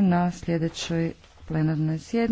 na sljedećoj plenarnoj sjednici.